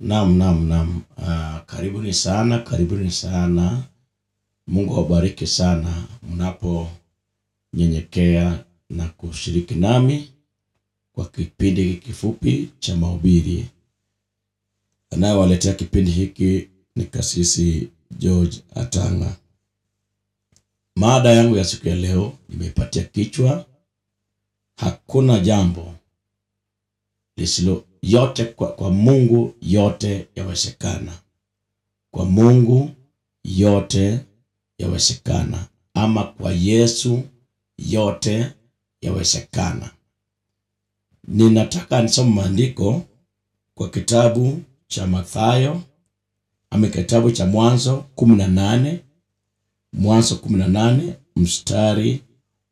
Naam, naam, naam. Uh, karibuni sana, karibuni sana. Mungu awabariki sana mnaponyenyekea na kushiriki nami kwa kipindi hiki kifupi cha mahubiri. Anayewaletea kipindi hiki ni Kasisi George Atanga. Mada yangu ya siku ya leo nimeipatia kichwa hakuna jambo lisilo yote kwa, kwa Mungu yote yawezekana. Kwa Mungu yote yawezekana, ama kwa Yesu yote yawezekana. Ninataka nisome maandiko kwa kitabu cha Mathayo ama kitabu cha Mwanzo 18 Mwanzo 18 mstari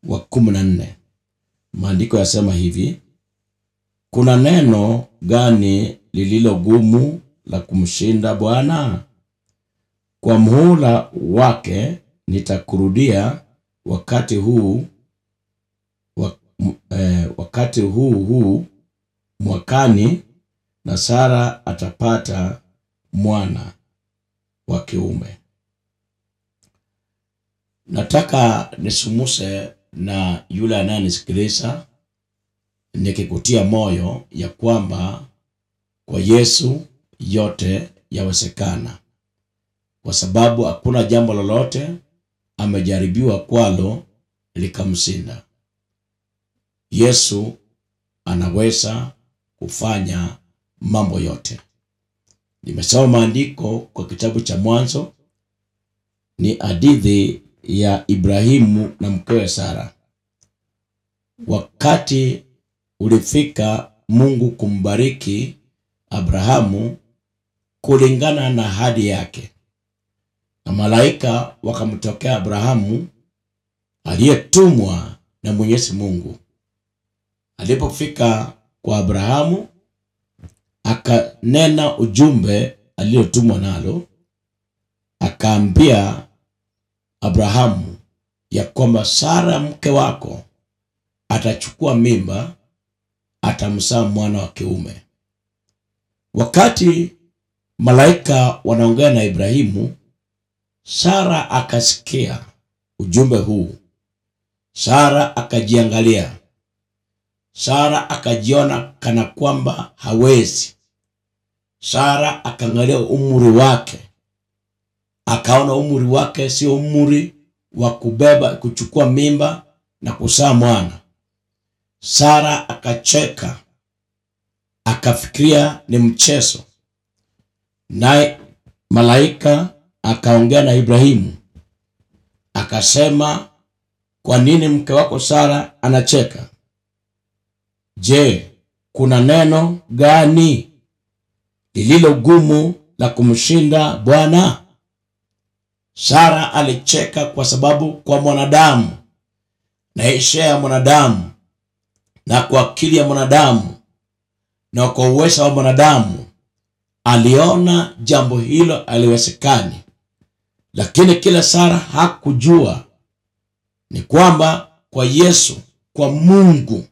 wa 14. Maandiko yasema hivi: kuna neno gani lililo gumu la kumshinda Bwana? Kwa muhula wake nitakurudia wakati huu eh, wakati huu huu mwakani, na Sara atapata mwana wa kiume. Nataka nisumuse na yule anayenisikiliza nikikutia moyo ya kwamba kwa Yesu yote yawezekana, kwa sababu hakuna jambo lolote amejaribiwa kwalo likamshinda. Yesu anaweza kufanya mambo yote. Nimesoma maandiko kwa kitabu cha Mwanzo, ni hadithi ya Ibrahimu na mkewe Sara. Wakati ulifika Mungu kumbariki Abrahamu kulingana na ahadi yake, na malaika wakamtokea Abrahamu aliyetumwa na Mwenyezi Mungu. Alipofika kwa Abrahamu, akanena ujumbe aliyotumwa nalo, akaambia Abrahamu ya kwamba Sara mke wako atachukua mimba atamzaa mwana wa kiume. Wakati malaika wanaongea na Ibrahimu, Sara akasikia ujumbe huu. Sara akajiangalia, Sara akajiona kana kwamba hawezi. Sara akaangalia umri wake, akaona umri wake sio umri wa kubeba, kuchukua mimba na kuzaa mwana Sara akacheka akafikiria ni mchezo, naye malaika akaongea na Ibrahimu akasema, kwa nini mke wako Sara anacheka? Je, kuna neno gani lililo gumu la kumshinda Bwana? Sara alicheka kwa sababu kwa mwanadamu na heshima ya mwanadamu na kwa akili ya mwanadamu na kwa uwezo wa mwanadamu aliona jambo hilo aliwezekani lakini kila Sara hakujua ni kwamba kwa Yesu, kwa Mungu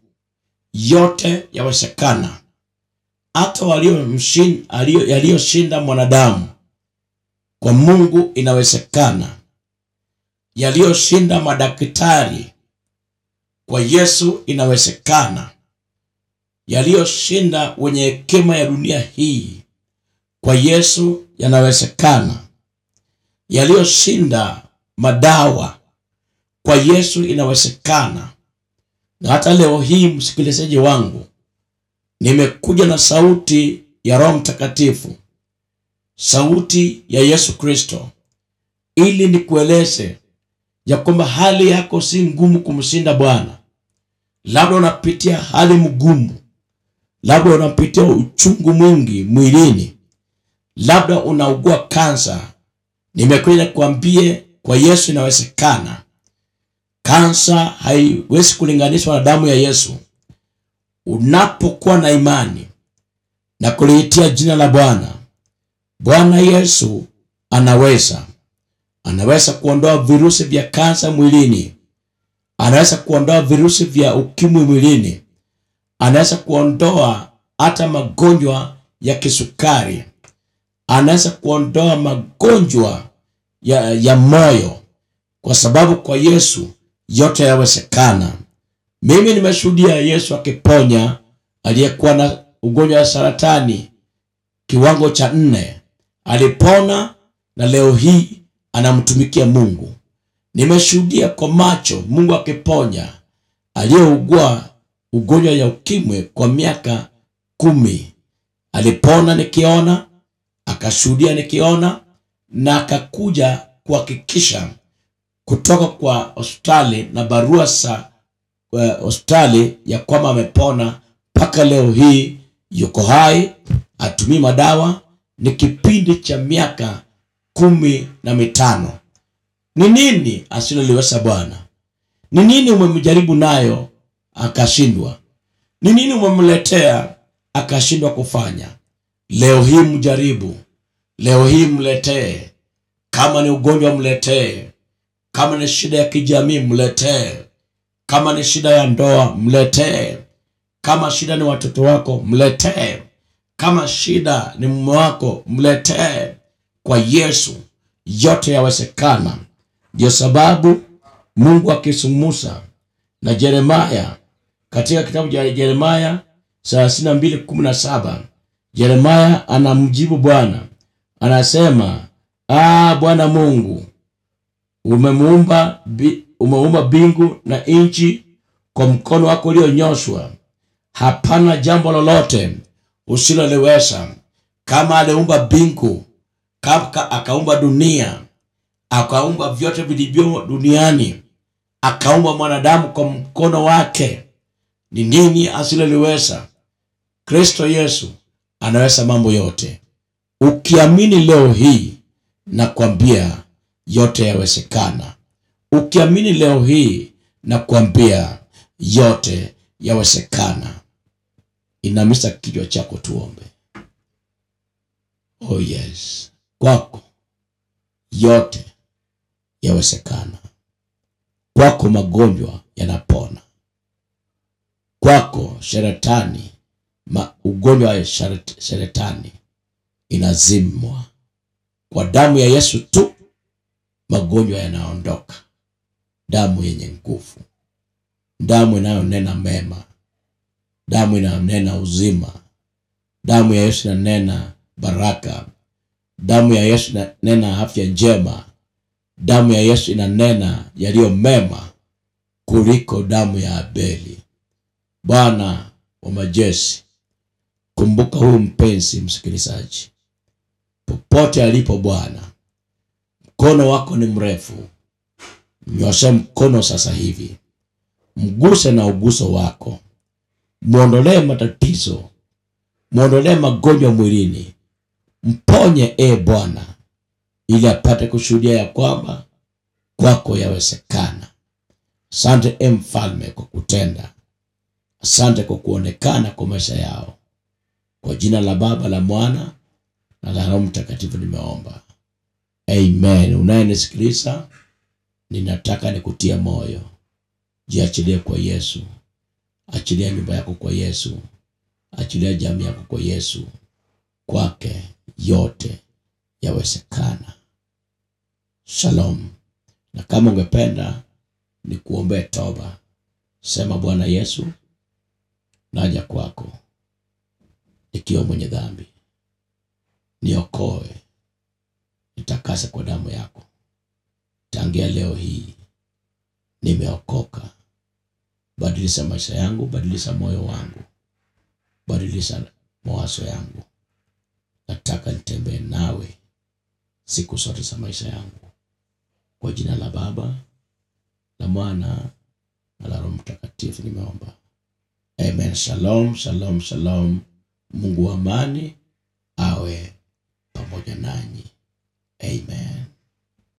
yote yawezekana, hata yaliyoshinda mwanadamu kwa Mungu inawezekana, yaliyoshinda madaktari kwa Yesu inawezekana. Yaliyoshinda wenye hekima ya dunia hii kwa Yesu yanawezekana. Yaliyoshinda madawa kwa Yesu inawezekana. Na hata leo hii, msikilizaji wangu, nimekuja na sauti ya Roho Mtakatifu, sauti ya Yesu Kristo, ili nikueleze ya kwamba hali yako si ngumu kumshinda Bwana labda unapitia hali mgumu, labda unapitia uchungu mwingi mwilini, labda unaugua kansa. nimekwenda kuambie kwa Yesu inawezekana. Kansa haiwezi kulinganishwa na damu ya Yesu. Unapokuwa na imani na kuliitia jina la Bwana, Bwana Yesu anaweza, anaweza kuondoa virusi vya kansa mwilini anaweza kuondoa virusi vya ukimwi mwilini, anaweza kuondoa hata magonjwa ya kisukari, anaweza kuondoa magonjwa ya, ya moyo, kwa sababu kwa Yesu yote yawezekana. Mimi nimeshuhudia Yesu akiponya aliyekuwa na ugonjwa wa saratani kiwango cha nne, alipona na leo hii anamtumikia Mungu. Nimeshuhudia kwa macho Mungu akiponya aliyeugua ugonjwa ya ukimwi kwa miaka kumi. Alipona nikiona, akashuhudia nikiona, na akakuja kuhakikisha kutoka kwa hospitali na barua sa eh, hospitali ya kwamba amepona. Mpaka leo hii yuko hai, atumii madawa. Ni kipindi cha miaka kumi na mitano. Ni nini asiloliwesa Bwana? Ni nini umemjaribu nayo akashindwa? Ni nini umemletea akashindwa kufanya? Leo hii mjaribu, leo hii mletee. Kama ni ugonjwa mletee, kama ni shida ya kijamii mletee, kama ni shida ya ndoa mletee, kama shida ni watoto wako mletee, kama shida ni mume wako mletee. Kwa Yesu yote yawezekana. Ndio sababu Mungu akisumusa na jeremaya katika kitabu cha jeremaya 32:17 jeremaya anamjibu Bwana, anasema ah, Bwana Mungu umemuumba umeumba bingu na nchi kwa mkono wako ulionyoshwa, hapana jambo lolote usiloliweza. Kama aliumba bingu, akaumba dunia akaumba vyote vilivyomo duniani, akaumba mwanadamu kwa mkono wake. Ni nini asiloliweza? Kristo Yesu anaweza mambo yote. Ukiamini leo hii, nakwambia yote yawezekana. Ukiamini leo hii, nakwambia yote yawezekana. Inamisa kichwa chako, tuombe. Oh yes, kwako yote yawezekana. Kwako magonjwa yanapona, kwako sheretani ma, ugonjwa wa sheretani inazimwa kwa damu ya Yesu tu. Magonjwa yanaondoka, damu yenye nguvu, damu inayonena mema, damu inayonena uzima, damu ya Yesu inanena baraka, damu ya Yesu inanena afya njema Damu ya Yesu inanena yaliyo mema kuliko damu ya Abeli. Bwana wa majeshi, kumbuka huyu mpenzi msikilizaji, popote alipo Bwana, mkono wako ni mrefu. Mnyoshe mkono sasa hivi, mguse na uguso wako, mwondolee matatizo, mwondolee magonjwa mwilini, mponye e Bwana ili apate kushuhudia ya kwamba kwako yawezekana. Asante e Mfalme kwa kutenda, asante kwa kuonekana kwa maisha yao. Kwa jina la Baba, la Mwana na la Roho Mtakatifu nimeomba, amen. Unayenisikiliza, ninataka nikutie moyo, jiachilie kwa Yesu, achilia nyumba yako kwa Yesu, achilia jamii yako kwa Yesu, kwake yote yawezekana. Shalom. Na kama ungependa ni kuombee toba, sema Bwana Yesu, naja kwako nikiwa mwenye dhambi, niokoe, nitakase kwa damu yako. Tangia leo hii nimeokoka. Badilisha maisha yangu, badilisha moyo wangu, badilisha mawazo yangu. Nataka nitembee siku zote za maisha yangu, kwa jina la Baba la Mwana na la Roho Mtakatifu nimeomba, amen. Shalom, shalom, shalom. Mungu wa amani awe pamoja nanyi, amen.